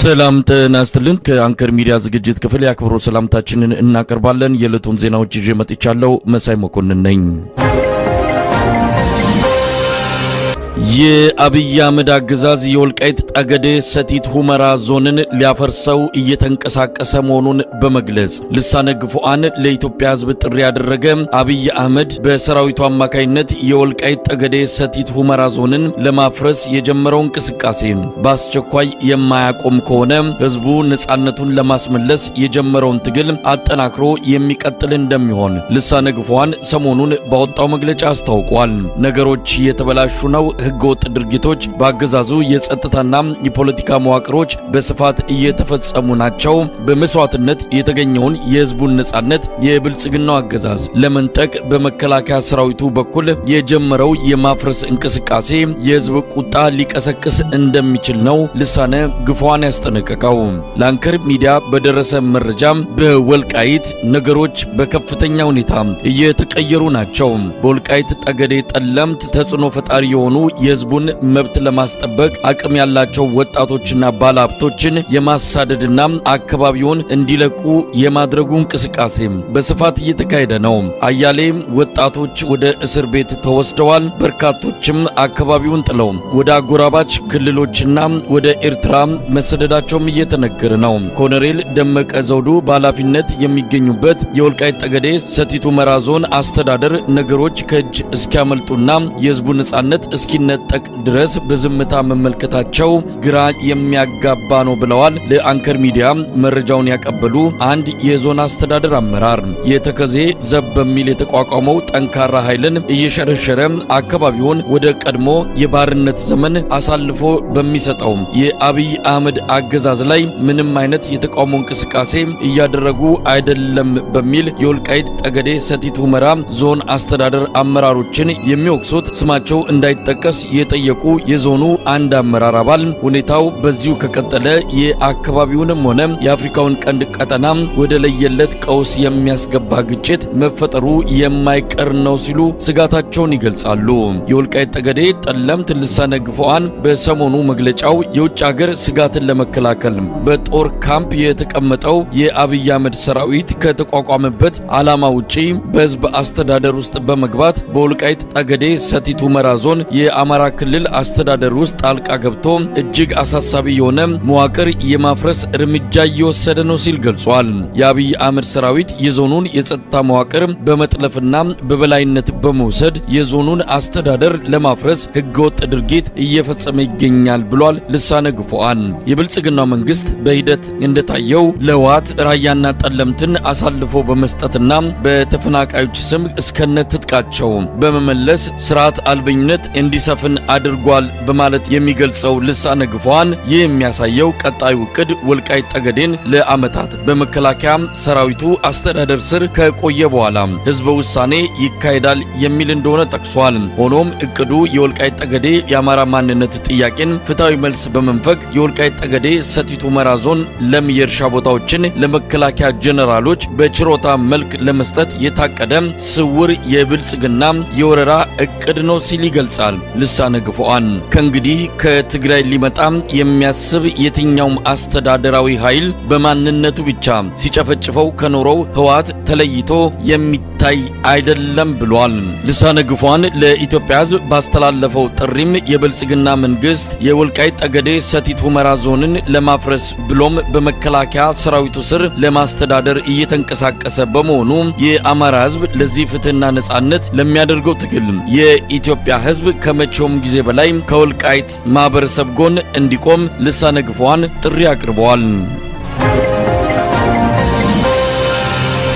ሰላም ጤና ይስጥልን። ከአንከር ሚዲያ ዝግጅት ክፍል የአክብሮ ሰላምታችንን እናቀርባለን። የዕለቱን ዜናዎች ይዤ መጥቻለሁ። መሳይ መኮንን ነኝ። የአብይ አህመድ አገዛዝ የወልቃይት ጠገዴ ሰቲት ሁመራ ዞንን ሊያፈርሰው እየተንቀሳቀሰ መሆኑን በመግለጽ ልሳነ ግፉአን ለኢትዮጵያ ሕዝብ ጥሪ ያደረገ አብይ አህመድ በሰራዊቱ አማካይነት የወልቃይት ጠገዴ ሰቲት ሁመራ ዞንን ለማፍረስ የጀመረው እንቅስቃሴ በአስቸኳይ የማያቆም ከሆነ ሕዝቡ ነፃነቱን ለማስመለስ የጀመረውን ትግል አጠናክሮ የሚቀጥል እንደሚሆን ልሳነ ግፉአን ሰሞኑን ባወጣው መግለጫ አስታውቋል። ነገሮች እየተበላሹ ነው ህገወጥ ድርጊቶች በአገዛዙ የጸጥታና የፖለቲካ መዋቅሮች በስፋት እየተፈጸሙ ናቸው። በመስዋዕትነት የተገኘውን የህዝቡን ነጻነት የብልጽግናው አገዛዝ ለመንጠቅ በመከላከያ ሰራዊቱ በኩል የጀመረው የማፍረስ እንቅስቃሴ የህዝብ ቁጣ ሊቀሰቅስ እንደሚችል ነው ልሳነ ግፏን ያስጠነቀቀው። ለአንከር ሚዲያ በደረሰ መረጃ በወልቃይት ነገሮች በከፍተኛ ሁኔታ እየተቀየሩ ናቸው። በወልቃይት ጠገዴ ጠለምት ተጽዕኖ ፈጣሪ የሆኑ የህዝቡን መብት ለማስጠበቅ አቅም ያላቸው ወጣቶችና ባለሀብቶችን የማሳደድና አካባቢውን እንዲለቁ የማድረጉ እንቅስቃሴ በስፋት እየተካሄደ ነው። አያሌ ወጣቶች ወደ እስር ቤት ተወስደዋል። በርካቶችም አካባቢውን ጥለው ወደ አጎራባች ክልሎችና ወደ ኤርትራ መሰደዳቸውም እየተነገረ ነው። ኮሎኔል ደመቀ ዘውዱ በኃላፊነት የሚገኙበት የወልቃይት ጠገዴ ሰቲት ሁመራ ዞን አስተዳደር ነገሮች ከእጅ እስኪያመልጡና የህዝቡ ነጻነት እስኪነ እስኪነጠቅ ድረስ በዝምታ መመልከታቸው ግራ የሚያጋባ ነው ብለዋል። ለአንከር ሚዲያ መረጃውን ያቀበሉ አንድ የዞን አስተዳደር አመራር የተከዜ ዘብ በሚል የተቋቋመው ጠንካራ ኃይልን እየሸረሸረ አካባቢውን ወደ ቀድሞ የባርነት ዘመን አሳልፎ በሚሰጠው የአብይ አህመድ አገዛዝ ላይ ምንም አይነት የተቃውሞ እንቅስቃሴ እያደረጉ አይደለም በሚል የወልቃይት ጠገዴ ሰቲት ሁመራ ዞን አስተዳደር አመራሮችን የሚወቅሱት ስማቸው እንዳይጠቀስ የጠየቁ የዞኑ አንድ አመራር አባል ሁኔታው በዚሁ ከቀጠለ የአካባቢውንም ሆነ የአፍሪካውን ቀንድ ቀጠና ወደ ለየለት ቀውስ የሚያስገባ ግጭት መፈጠሩ የማይቀር ነው ሲሉ ስጋታቸውን ይገልጻሉ። የወልቃይት ጠገዴ ጠለምት ልሳነ ግፎአን በሰሞኑ መግለጫው የውጭ ሀገር ስጋትን ለመከላከል በጦር ካምፕ የተቀመጠው የአብይ አህመድ ሰራዊት ከተቋቋመበት ዓላማ ውጪ በህዝብ አስተዳደር ውስጥ በመግባት በወልቃይት ጠገዴ ሰቲት ሁመራ ዞን የአማ በአማራ ክልል አስተዳደር ውስጥ ጣልቃ ገብቶ እጅግ አሳሳቢ የሆነ መዋቅር የማፍረስ እርምጃ እየወሰደ ነው ሲል ገልጿል። የአብይ አህመድ ሰራዊት የዞኑን የጸጥታ መዋቅር በመጥለፍና በበላይነት በመውሰድ የዞኑን አስተዳደር ለማፍረስ ህገወጥ ድርጊት እየፈጸመ ይገኛል ብሏል። ልሳነ ግፉአን የብልጽግናው መንግስት በሂደት እንደታየው ለዋት ራያና ጠለምትን አሳልፎ በመስጠትና በተፈናቃዮች ስም እስከነ ትጥቃቸው በመመለስ ስርዓት አልበኝነት እንዲሰ እንዲሰፍን አድርጓል በማለት የሚገልጸው ልሳነ ግፏን ይህ የሚያሳየው ቀጣዩ እቅድ ወልቃይት ጠገዴን ለዓመታት በመከላከያ ሰራዊቱ አስተዳደር ስር ከቆየ በኋላ ህዝበ ውሳኔ ይካሄዳል የሚል እንደሆነ ጠቅሷል። ሆኖም እቅዱ የወልቃይት ጠገዴ የአማራ ማንነት ጥያቄን ፍትሐዊ መልስ በመንፈግ የወልቃይት ጠገዴ ሰቲት ሁመራ ዞን ለም የእርሻ ቦታዎችን ለመከላከያ ጀነራሎች በችሮታ መልክ ለመስጠት የታቀደ ስውር የብልጽግና የወረራ እቅድ ነው ሲል ይገልጻል። ልሳነ ግፉአን ከእንግዲህ ከትግራይ ሊመጣም የሚያስብ የትኛውም አስተዳደራዊ ኃይል በማንነቱ ብቻ ሲጨፈጭፈው ከኖረው ህወሓት ተለይቶ የሚታይ አይደለም ብሏል። ልሳነ ግፏን ለኢትዮጵያ ህዝብ ባስተላለፈው ጥሪም የብልጽግና መንግስት የወልቃይ ጠገዴ ሰቲት ሁመራ ዞንን ለማፍረስ ብሎም በመከላከያ ሰራዊቱ ስር ለማስተዳደር እየተንቀሳቀሰ በመሆኑ የአማራ ህዝብ ለዚህ ፍትህና ነጻነት ለሚያደርገው ትግል የኢትዮጵያ ህዝብ ከመ ከመቼውም ጊዜ በላይ ከወልቃይት ማህበረሰብ ጎን እንዲቆም ልሳነ ግፏን ጥሪ አቅርበዋል።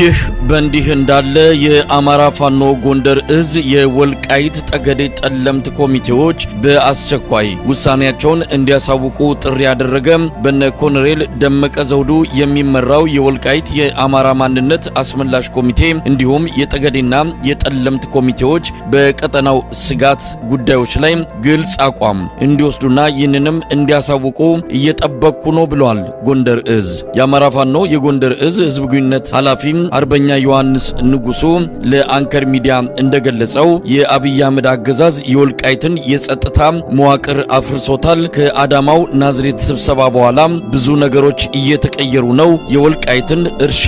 ይህ በእንዲህ እንዳለ የአማራ ፋኖ ጎንደር እዝ የወልቃይት ጠገዴ ጠለምት ኮሚቴዎች በአስቸኳይ ውሳኔያቸውን እንዲያሳውቁ ጥሪ ያደረገ በነ ኮሎኔል ደመቀ ዘውዱ የሚመራው የወልቃይት የአማራ ማንነት አስመላሽ ኮሚቴ እንዲሁም የጠገዴና የጠለምት ኮሚቴዎች በቀጠናው ስጋት ጉዳዮች ላይ ግልጽ አቋም እንዲወስዱና ይህንንም እንዲያሳውቁ እየጠበቅኩ ነው ብለዋል። ጎንደር እዝ የአማራ ፋኖ የጎንደር እዝ ህዝብ ግንኙነት ኃላፊ አርበኛ ዮሐንስ ንጉሱ ለአንከር ሚዲያ እንደገለጸው የአብይ አህመድ አገዛዝ የወልቃይትን የጸጥታ መዋቅር አፍርሶታል። ከአዳማው ናዝሬት ስብሰባ በኋላ ብዙ ነገሮች እየተቀየሩ ነው። የወልቃይትን እርሻ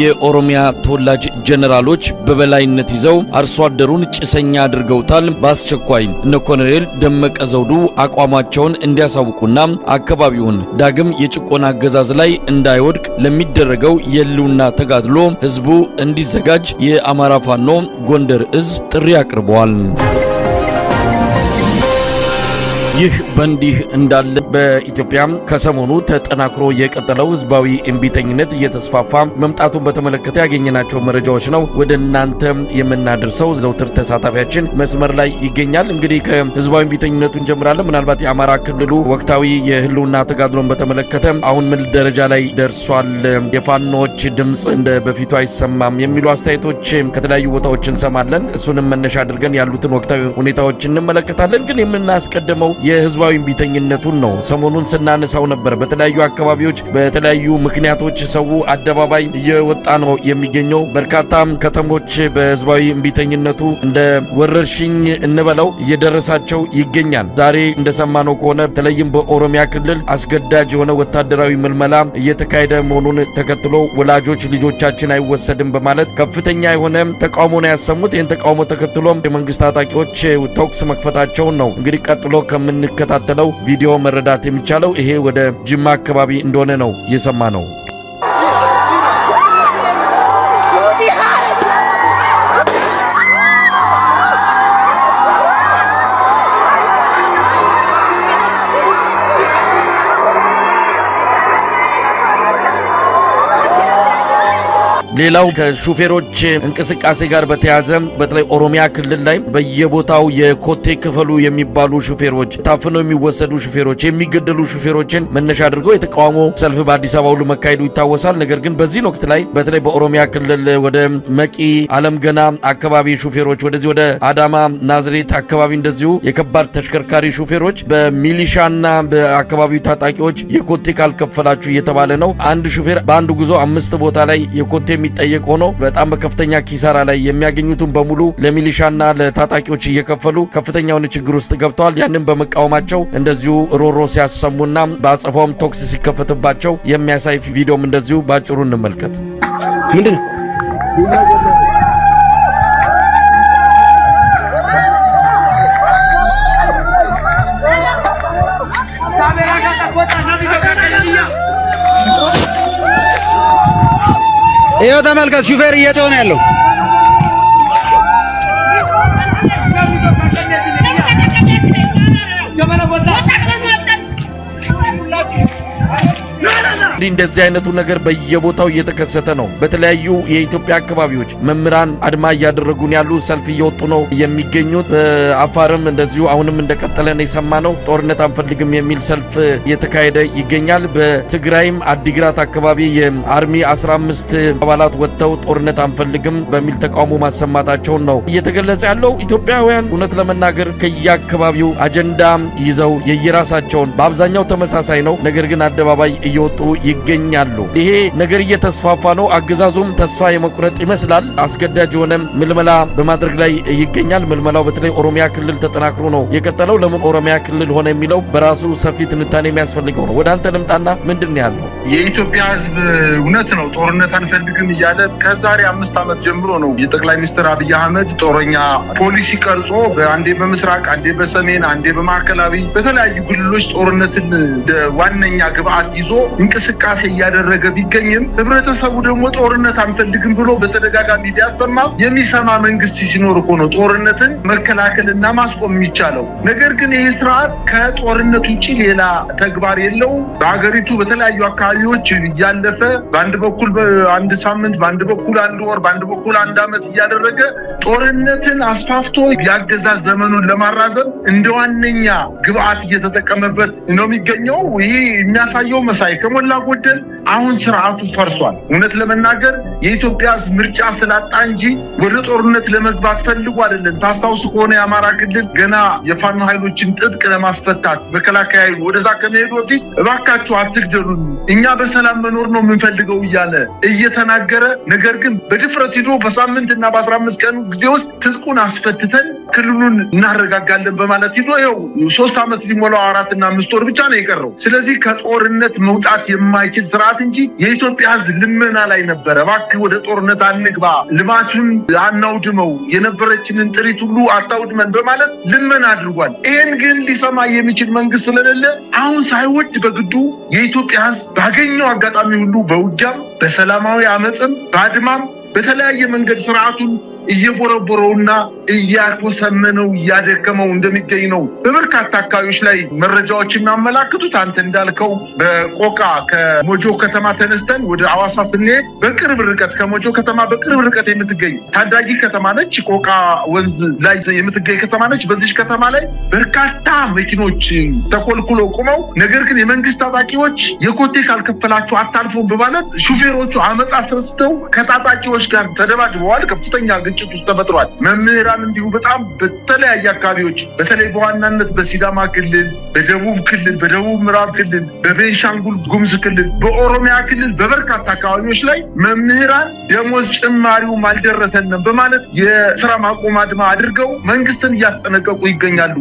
የኦሮሚያ ተወላጅ ጀነራሎች በበላይነት ይዘው አርሶ አደሩን ጭሰኛ አድርገውታል። በአስቸኳይ እነ ኮሎኔል ደመቀ ዘውዱ አቋማቸውን እንዲያሳውቁና አካባቢውን ዳግም የጭቆና አገዛዝ ላይ እንዳይወድቅ ለሚደረገው የህልውና ተጋድሎ ህዝቡ እንዲዘጋጅ የአማራ ፋኖ ጎንደር እዝ ጥሪ አቅርበዋል። ይህ በእንዲህ እንዳለ በኢትዮጵያ ከሰሞኑ ተጠናክሮ የቀጠለው ህዝባዊ እምቢተኝነት እየተስፋፋ መምጣቱን በተመለከተ ያገኘናቸው መረጃዎች ነው ወደ እናንተ የምናደርሰው። ዘውትር ተሳታፊያችን መስመር ላይ ይገኛል። እንግዲህ ከህዝባዊ እምቢተኝነቱ እንጀምራለን። ምናልባት የአማራ ክልሉ ወቅታዊ የህልውና ተጋድሎን በተመለከተ አሁን ምን ደረጃ ላይ ደርሷል? የፋኖች ድምፅ እንደ በፊቱ አይሰማም የሚሉ አስተያየቶች ከተለያዩ ቦታዎች እንሰማለን። እሱንም መነሻ አድርገን ያሉትን ወቅታዊ ሁኔታዎች እንመለከታለን። ግን የምናስቀድመው የህዝባዊ እምቢተኝነቱን ነው። ሰሞኑን ስናነሳው ነበር። በተለያዩ አካባቢዎች በተለያዩ ምክንያቶች ሰው አደባባይ እየወጣ ነው የሚገኘው። በርካታ ከተሞች በህዝባዊ እምቢተኝነቱ እንደ ወረርሽኝ እንበለው እየደረሳቸው ይገኛል። ዛሬ እንደሰማነው ከሆነ በተለይም በኦሮሚያ ክልል አስገዳጅ የሆነ ወታደራዊ ምልመላ እየተካሄደ መሆኑን ተከትሎ ወላጆች ልጆቻችን አይወሰድም በማለት ከፍተኛ የሆነ ተቃውሞ ነው ያሰሙት። ይህን ተቃውሞ ተከትሎም የመንግስት ታጣቂዎች ተኩስ መክፈታቸውን ነው እንግዲህ ቀጥሎ ከምን ከምንከታተለው ቪዲዮ መረዳት የሚቻለው ይሄ ወደ ጅማ አካባቢ እንደሆነ ነው የሰማ ነው። ሌላው ከሹፌሮች እንቅስቃሴ ጋር በተያዘ በተለይ ኦሮሚያ ክልል ላይ በየቦታው የኮቴ ክፈሉ የሚባሉ ሹፌሮች፣ ታፍነው የሚወሰዱ ሹፌሮች፣ የሚገደሉ ሹፌሮችን መነሻ አድርገው የተቃውሞ ሰልፍ በአዲስ አበባ ሁሉ መካሄዱ ይታወሳል። ነገር ግን በዚህ ወቅት ላይ በተለይ በኦሮሚያ ክልል ወደ መቂ አለም ገና አካባቢ ሹፌሮች ወደዚህ ወደ አዳማ ናዝሬት አካባቢ እንደዚሁ የከባድ ተሽከርካሪ ሹፌሮች በሚሊሻና በአካባቢው ታጣቂዎች የኮቴ ካልከፈላችሁ እየተባለ ነው። አንድ ሹፌር በአንድ ጉዞ አምስት ቦታ ላይ የኮቴ የሚጠየቅ ሆኖ በጣም በከፍተኛ ኪሳራ ላይ የሚያገኙትን በሙሉ ለሚሊሻና ለታጣቂዎች እየከፈሉ ከፍተኛውን ችግር ውስጥ ገብተዋል። ያንን በመቃወማቸው እንደዚሁ ሮሮ ሲያሰሙና በአጸፋውም ቶክስ ሲከፈትባቸው የሚያሳይ ቪዲዮም እንደዚሁ በአጭሩ እንመልከት ምንድን ነው ይኸው ተመልከት፣ ሹፌር እየጮህ ነው ያለው። እንግዲህ እንደዚህ አይነቱ ነገር በየቦታው እየተከሰተ ነው። በተለያዩ የኢትዮጵያ አካባቢዎች መምህራን አድማ እያደረጉን ያሉ ሰልፍ እየወጡ ነው የሚገኙት። በአፋርም እንደዚሁ አሁንም እንደቀጠለ ነው የሰማነው። ጦርነት አንፈልግም የሚል ሰልፍ እየተካሄደ ይገኛል። በትግራይም አዲግራት አካባቢ የአርሚ 15 አባላት ወጥተው ጦርነት አንፈልግም በሚል ተቃውሞ ማሰማታቸውን ነው እየተገለጸ ያለው። ኢትዮጵያውያን እውነት ለመናገር ከየአካባቢው አጀንዳ ይዘው የየራሳቸውን በአብዛኛው ተመሳሳይ ነው፣ ነገር ግን አደባባይ እየወጡ ይገኛሉ። ይሄ ነገር እየተስፋፋ ነው። አገዛዙም ተስፋ የመቁረጥ ይመስላል። አስገዳጅ የሆነም ምልመላ በማድረግ ላይ ይገኛል። ምልመላው በተለይ ኦሮሚያ ክልል ተጠናክሮ ነው የቀጠለው። ለምን ኦሮሚያ ክልል ሆነ የሚለው በራሱ ሰፊ ትንታኔ የሚያስፈልገው ነው። ወደ አንተ ልምጣና ምንድን ነው ያለው? የኢትዮጵያ ሕዝብ እውነት ነው ጦርነት አንፈልግም እያለ ከዛሬ አምስት ዓመት ጀምሮ ነው የጠቅላይ ሚኒስትር አብይ አህመድ ጦረኛ ፖሊሲ ቀርጾ አንዴ በምስራቅ አንዴ በሰሜን አንዴ በማዕከላዊ በተለያዩ ክልሎች ጦርነትን ዋነኛ ግብዓት ይዞ እንቅስቃሴ እንቅስቃሴ እያደረገ ቢገኝም ህብረተሰቡ ደግሞ ጦርነት አንፈልግም ብሎ በተደጋጋሚ ቢያሰማ የሚሰማ መንግስት ሲኖር እኮ ነው ጦርነትን መከላከልና ማስቆም የሚቻለው። ነገር ግን ይህ ስርዓት ከጦርነት ውጭ ሌላ ተግባር የለውም። በሀገሪቱ በተለያዩ አካባቢዎች እያለፈ በአንድ በኩል አንድ ሳምንት፣ በአንድ በኩል አንድ ወር፣ በአንድ በኩል አንድ ዓመት እያደረገ ጦርነትን አስፋፍቶ ያገዛዝ ዘመኑን ለማራዘም እንደ ዋነኛ ግብአት እየተጠቀመበት ነው የሚገኘው። ይህ የሚያሳየው መሳይ ከሞላ would አሁን ስርዓቱ ፈርሷል። እውነት ለመናገር የኢትዮጵያ ህዝብ ምርጫ ስላጣ እንጂ ወደ ጦርነት ለመግባት ፈልጎ አይደለም። ታስታውሱ ከሆነ የአማራ ክልል ገና የፋኖ ኃይሎችን ጥብቅ ለማስፈታት መከላከያ ኃይሉ ወደዛ ከመሄዱ በፊት እባካችሁ አትግደሉን፣ እኛ በሰላም መኖር ነው የምንፈልገው እያለ እየተናገረ ነገር ግን በድፍረት ሂዶ በሳምንት እና በአስራ አምስት ቀኑ ጊዜ ውስጥ ትጥቁን አስፈትተን ክልሉን እናረጋጋለን በማለት ሂዶ ይኸው ሶስት ዓመት ሊሞላው አራት እና አምስት ወር ብቻ ነው የቀረው። ስለዚህ ከጦርነት መውጣት የማይችል ስርዓት መግባት እንጂ የኢትዮጵያ ሕዝብ ልመና ላይ ነበረ። እባክህ ወደ ጦርነት አንግባ፣ ልማቱን አናውድመው፣ የነበረችንን ጥሪት ሁሉ አታውድመን በማለት ልመና አድርጓል። ይህን ግን ሊሰማ የሚችል መንግስት ስለሌለ አሁን ሳይወድ በግዱ የኢትዮጵያ ሕዝብ ባገኘው አጋጣሚ ሁሉ በውጊያም፣ በሰላማዊ አመፅም፣ በአድማም በተለያየ መንገድ ስርዓቱን እየቦረቦረውና እያኮሰመነው እያደከመው እንደሚገኝ ነው በበርካታ አካባቢዎች ላይ መረጃዎች የሚያመላክቱት። አንተ እንዳልከው በቆቃ ከሞጆ ከተማ ተነስተን ወደ አዋሳ ስንሄድ በቅርብ ርቀት ከሞጆ ከተማ በቅርብ ርቀት የምትገኝ ታዳጊ ከተማ ነች። ቆቃ ወንዝ ላይ የምትገኝ ከተማ ነች። በዚች ከተማ ላይ በርካታ መኪኖች ተኮልኩሎ ቁመው ነገር ግን የመንግስት ታጣቂዎች የኮቴ ካልከፈላቸው አታልፎ በማለት ሹፌሮቹ አመፃ አስነስተው ከታጣቂዎች ጋር ተደባድበዋል። ከፍተኛ ግጭ ግጭት ውስጥ ተፈጥሯል። መምህራን እንዲሁ በጣም በተለያየ አካባቢዎች በተለይ በዋናነት በሲዳማ ክልል፣ በደቡብ ክልል፣ በደቡብ ምዕራብ ክልል፣ በቤንሻንጉል ጉምዝ ክልል፣ በኦሮሚያ ክልል በበርካታ አካባቢዎች ላይ መምህራን ደሞዝ ጭማሪውም አልደረሰንም በማለት የስራ ማቆም አድማ አድርገው መንግስትን እያስጠነቀቁ ይገኛሉ።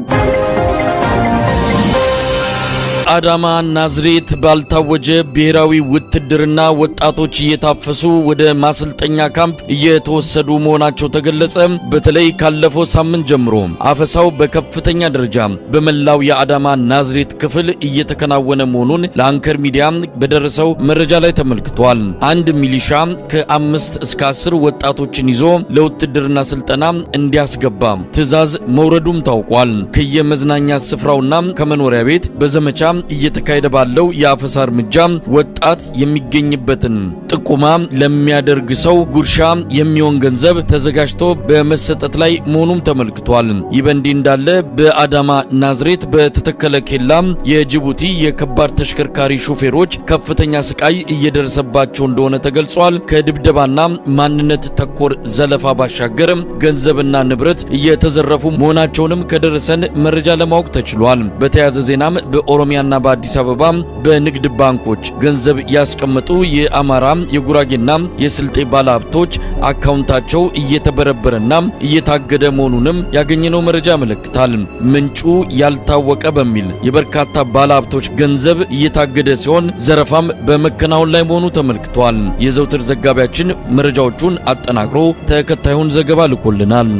አዳማ ናዝሬት ባልታወጀ ብሔራዊ ውትድርና ወጣቶች እየታፈሱ ወደ ማሰልጠኛ ካምፕ እየተወሰዱ መሆናቸው ተገለጸ። በተለይ ካለፈው ሳምንት ጀምሮ አፈሳው በከፍተኛ ደረጃ በመላው የአዳማ ናዝሬት ክፍል እየተከናወነ መሆኑን ለአንከር ሚዲያ በደረሰው መረጃ ላይ ተመልክቷል። አንድ ሚሊሻ ከአምስት እስከ አስር ወጣቶችን ይዞ ለውትድርና ስልጠና እንዲያስገባ ትዕዛዝ መውረዱም ታውቋል። ከየመዝናኛ ስፍራውና ከመኖሪያ ቤት በዘመቻ እየተካሄደ ባለው የአፈሳ እርምጃ ወጣት የሚገኝበትን ጥቁማ ለሚያደርግ ሰው ጉርሻ የሚሆን ገንዘብ ተዘጋጅቶ በመሰጠት ላይ መሆኑም ተመልክቷል። ይህ በእንዲህ እንዳለ በአዳማ ናዝሬት በተተከለ ኬላ የጅቡቲ የከባድ ተሽከርካሪ ሾፌሮች ከፍተኛ ስቃይ እየደረሰባቸው እንደሆነ ተገልጿል። ከድብደባና ማንነት ተኮር ዘለፋ ባሻገር ገንዘብና ንብረት እየተዘረፉ መሆናቸውንም ከደረሰን መረጃ ለማወቅ ተችሏል። በተያያዘ ዜናም በኦሮሚያ በአፍሪካና በአዲስ አበባ በንግድ ባንኮች ገንዘብ ያስቀመጡ የአማራ የጉራጌና የስልጤ ባለሀብቶች አካውንታቸው እየተበረበረና እየታገደ መሆኑንም ያገኘነው መረጃ ያመለክታል። ምንጩ ያልታወቀ በሚል የበርካታ ባለሀብቶች ገንዘብ እየታገደ ሲሆን ዘረፋም በመከናወን ላይ መሆኑ ተመልክቷል። የዘውትር ዘጋቢያችን መረጃዎቹን አጠናቅሮ ተከታዩን ዘገባ ልኮልናል።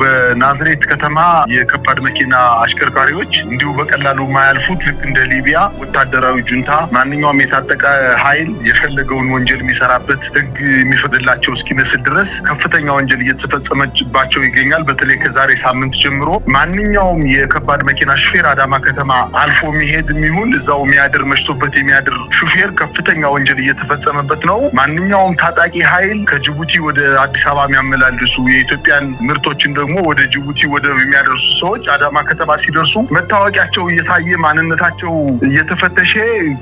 በናዝሬት ከተማ የከባድ መኪና አሽከርካሪዎች እንዲሁ በቀላሉ ማያልፉት። ልክ እንደ በሊቢያ ወታደራዊ ጁንታ ማንኛውም የታጠቀ ኃይል የፈለገውን ወንጀል የሚሰራበት ህግ የሚፈቅድላቸው እስኪመስል ድረስ ከፍተኛ ወንጀል እየተፈጸመባቸው ይገኛል። በተለይ ከዛሬ ሳምንት ጀምሮ ማንኛውም የከባድ መኪና ሹፌር አዳማ ከተማ አልፎ የሚሄድ የሚሆን እዛው የሚያድር መሽቶበት የሚያድር ሹፌር ከፍተኛ ወንጀል እየተፈጸመበት ነው። ማንኛውም ታጣቂ ኃይል ከጅቡቲ ወደ አዲስ አበባ የሚያመላልሱ የኢትዮጵያን ምርቶችን ደግሞ ወደ ጅቡቲ ወደ የሚያደርሱ ሰዎች አዳማ ከተማ ሲደርሱ መታወቂያቸው እየታየ ማንነታቸው እየተፈተሸ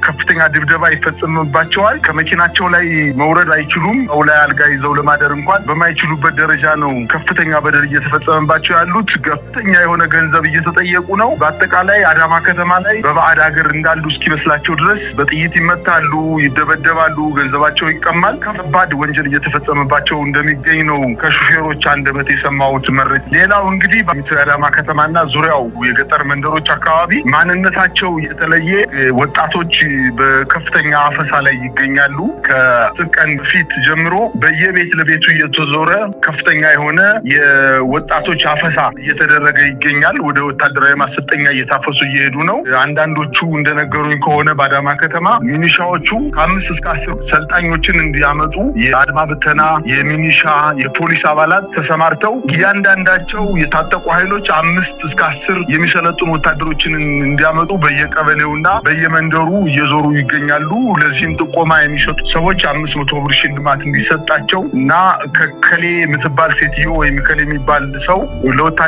ከፍተኛ ድብደባ ይፈጸምባቸዋል። ከመኪናቸው ላይ መውረድ አይችሉም። ሰው ላይ አልጋ ይዘው ለማደር እንኳን በማይችሉበት ደረጃ ነው ከፍተኛ በደል እየተፈጸመባቸው ያሉት። ከፍተኛ የሆነ ገንዘብ እየተጠየቁ ነው። በአጠቃላይ አዳማ ከተማ ላይ በባዕድ ሀገር እንዳሉ እስኪመስላቸው ድረስ በጥይት ይመታሉ፣ ይደበደባሉ፣ ገንዘባቸው ይቀማል። ከባድ ወንጀል እየተፈጸመባቸው እንደሚገኝ ነው ከሹፌሮች አንደበት የሰማሁት መረጃ። ሌላው እንግዲህ በአዳማ ከተማና ዙሪያው የገጠር መንደሮች አካባቢ ማንነታቸው የተለ በተለየ ወጣቶች በከፍተኛ አፈሳ ላይ ይገኛሉ። ከአስር ቀን በፊት ጀምሮ በየቤት ለቤቱ እየተዞረ ከፍተኛ የሆነ የወጣቶች አፈሳ እየተደረገ ይገኛል። ወደ ወታደራዊ ማሰልጠኛ እየታፈሱ እየሄዱ ነው። አንዳንዶቹ እንደነገሩኝ ከሆነ በአዳማ ከተማ ሚኒሻዎቹ ከአምስት እስከ አስር ሰልጣኞችን እንዲያመጡ የአድማ ብተና፣ የሚኒሻ፣ የፖሊስ አባላት ተሰማርተው እያንዳንዳቸው የታጠቁ ኃይሎች አምስት እስከ አስር የሚሰለጥኑ ወታደሮችን እንዲያመጡ በየቀበ በየቀበሌውና በየመንደሩ እየዞሩ ይገኛሉ። ለዚህም ጥቆማ የሚሰጡት ሰዎች አምስት መቶ ብር ሽልማት እንዲሰጣቸው እና ከከሌ የምትባል ሴትዮ ወይም ከሌ የሚባል ሰው ለወታ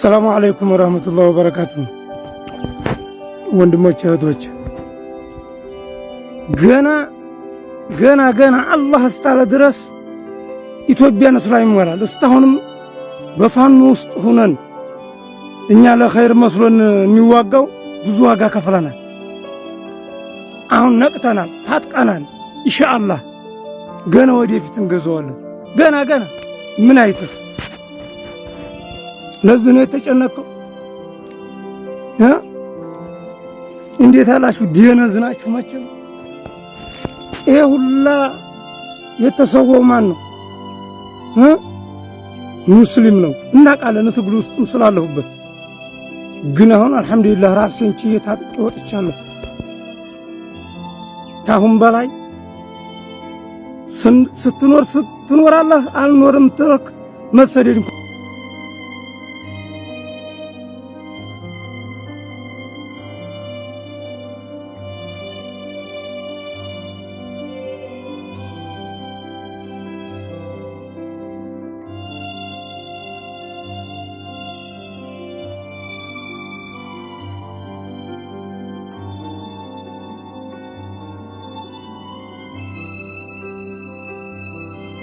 ሰላሙ አለይኩም ወረህመቱላህ ወበረካቱ። ወንድሞች እህቶች፣ ገና ገና ገና አላህ እስታለ ድረስ ኢትዮጵያን እስላም ይሞላል። እስታሁንም በፋኑ ውስጥ ሁነን እኛ ለኸይር መስሎን የሚዋጋው ብዙ ዋጋ ከፍለናል። አሁን ነቅተናል፣ ታጥቀናል። ኢንሻአላህ ገና ወደፊት እንገዛዋለን። ገና ገና ምን አይተ ለዚህ ነው የተጨነቀው። እንዴት አላችሁ? ደነዝ ናችሁ መቼም። ይሄ ሁላ የተሰወው ማን ነው? ሙስሊም ነው። እናቃለን ትግል ውስጥም ስላለሁበት ግን አሁን አልሐምዱሊላህ ራሴን ችዬ ታጥቄ ወጥቻለሁ። ካሁን በላይ ስትኖር ስትኖራለህ፣ አልኖርም ትረክ መሰደድ